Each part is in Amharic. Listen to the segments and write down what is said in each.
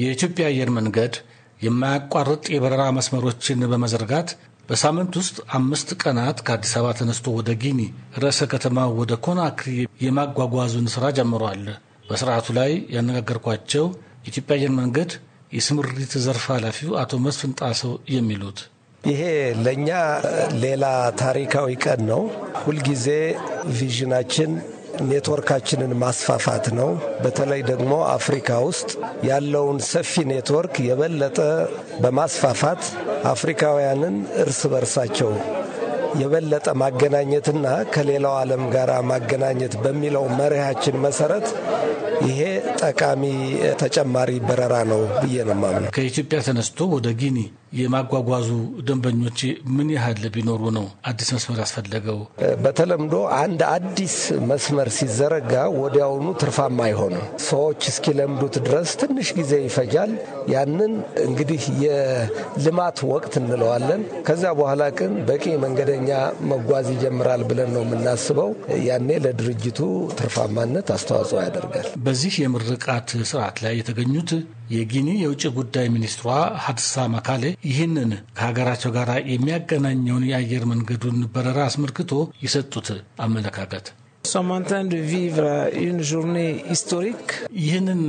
የኢትዮጵያ አየር መንገድ የማያቋርጥ የበረራ መስመሮችን በመዘርጋት በሳምንት ውስጥ አምስት ቀናት ከአዲስ አበባ ተነስቶ ወደ ጊኒ ርዕሰ ከተማ ወደ ኮናክሪ የማጓጓዙን ስራ ጀምሯል። በስርዓቱ ላይ ያነጋገርኳቸው የኢትዮጵያ አየር መንገድ የስምሪት ዘርፍ ኃላፊው አቶ መስፍን ጣሰው የሚሉት ይሄ ለእኛ ሌላ ታሪካዊ ቀን ነው። ሁልጊዜ ቪዥናችን ኔትወርካችንን ማስፋፋት ነው። በተለይ ደግሞ አፍሪካ ውስጥ ያለውን ሰፊ ኔትወርክ የበለጠ በማስፋፋት አፍሪካውያንን እርስ በርሳቸው የበለጠ ማገናኘትና ከሌላው ዓለም ጋር ማገናኘት በሚለው መርሃችን መሰረት ይሄ ጠቃሚ ተጨማሪ በረራ ነው ብዬ ነው የማምነው። ከኢትዮጵያ ተነስቶ ወደ ጊኒ የማጓጓዙ ደንበኞች ምን ያህል ቢኖሩ ነው አዲስ መስመር ያስፈለገው? በተለምዶ አንድ አዲስ መስመር ሲዘረጋ ወዲያውኑ ትርፋማ አይሆንም። ሰዎች እስኪለምዱት ድረስ ትንሽ ጊዜ ይፈጃል። ያንን እንግዲህ የልማት ወቅት እንለዋለን። ከዚያ በኋላ ግን በቂ መንገደኛ መጓዝ ይጀምራል ብለን ነው የምናስበው። ያኔ ለድርጅቱ ትርፋማነት አስተዋጽኦ ያደርጋል። በዚህ የምርቃት ስርዓት ላይ የተገኙት የጊኒ የውጭ ጉዳይ ሚኒስትሯ ሀድሳ ማካሌ ይህንን ከሀገራቸው ጋር የሚያገናኘውን የአየር መንገዱን በረራ አስመልክቶ የሰጡት አመለካከት ይህንን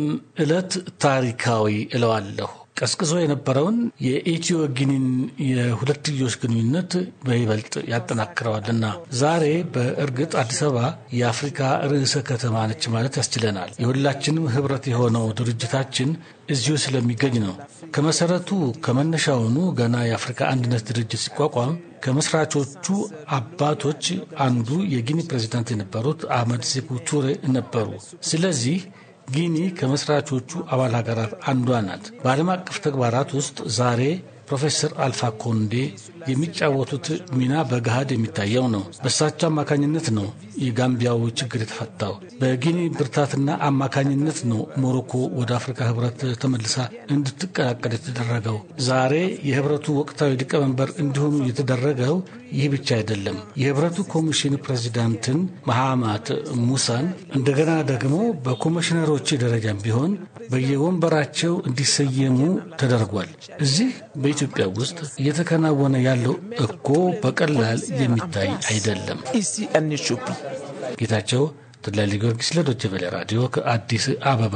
ዕለት ታሪካዊ እለዋለሁ ቀስቅሶ የነበረውን የኢትዮ ጊኒን የሁለትዮሽ ግንኙነት በይበልጥ ያጠናክረዋልና ዛሬ በእርግጥ አዲስ አበባ የአፍሪካ ርዕሰ ከተማ ነች ማለት ያስችለናል። የሁላችንም ህብረት የሆነው ድርጅታችን እዚሁ ስለሚገኝ ነው። ከመሰረቱ ከመነሻውኑ ገና የአፍሪካ አንድነት ድርጅት ሲቋቋም ከመስራቾቹ አባቶች አንዱ የጊኒ ፕሬዚዳንት የነበሩት አህመድ ሴኩ ቱሬ ነበሩ። ስለዚህ ጊኒ ከመስራቾቹ አባል ሀገራት አንዷ ናት። በዓለም አቀፍ ተግባራት ውስጥ ዛሬ ፕሮፌሰር አልፋ ኮንዴ የሚጫወቱት ሚና በገሃድ የሚታየው ነው። በእሳቸው አማካኝነት ነው የጋምቢያው ችግር የተፈታው። በጊኒ ብርታትና አማካኝነት ነው ሞሮኮ ወደ አፍሪካ ህብረት ተመልሳ እንድትቀላቀል የተደረገው። ዛሬ የህብረቱ ወቅታዊ ሊቀመንበር እንዲሆኑ የተደረገው ይህ ብቻ አይደለም። የህብረቱ ኮሚሽን ፕሬዚዳንትን መሐማት ሙሳን እንደገና ደግሞ በኮሚሽነሮች ደረጃም ቢሆን በየወንበራቸው እንዲሰየሙ ተደርጓል። እዚህ በኢትዮጵያ ውስጥ እየተከናወነ ያ ያለው እኮ በቀላል የሚታይ አይደለም። ጌታቸው ተድላ ጊዮርጊስ ለዶቼ ቬለ ራዲዮ ከአዲስ አበባ